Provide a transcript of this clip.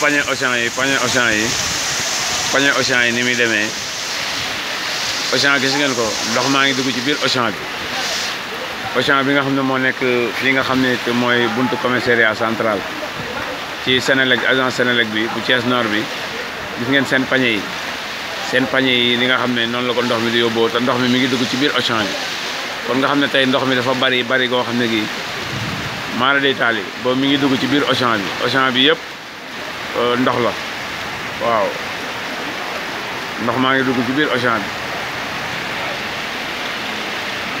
pañe Auchan yi pañe Auchan yi pañe Auchan yi ni muy demee Auchan gis ngeen ko ndox maa ngi dugg ci biir Auchan bi Auchan bi nga xam ne moo nekk fii nga xam ne mooy buntu commissariat central ci Sénélec agence Sénélec bi bu Thiès Nord bi gis ngeen seen pañe yi seen pañe yi li nga xam ne noonu la ko ndox mi di yóbboo te ndox mi mi ngi dugg ci biir Auchan bi kon nga xam ne tey ndox mi dafa bari bari koo xam ne gii maara day taali boobu mi ngi dugg ci biir Auchan bi Auchan bi Euh, ndox la waaw ndox maa ngi dugg ci biir océan bi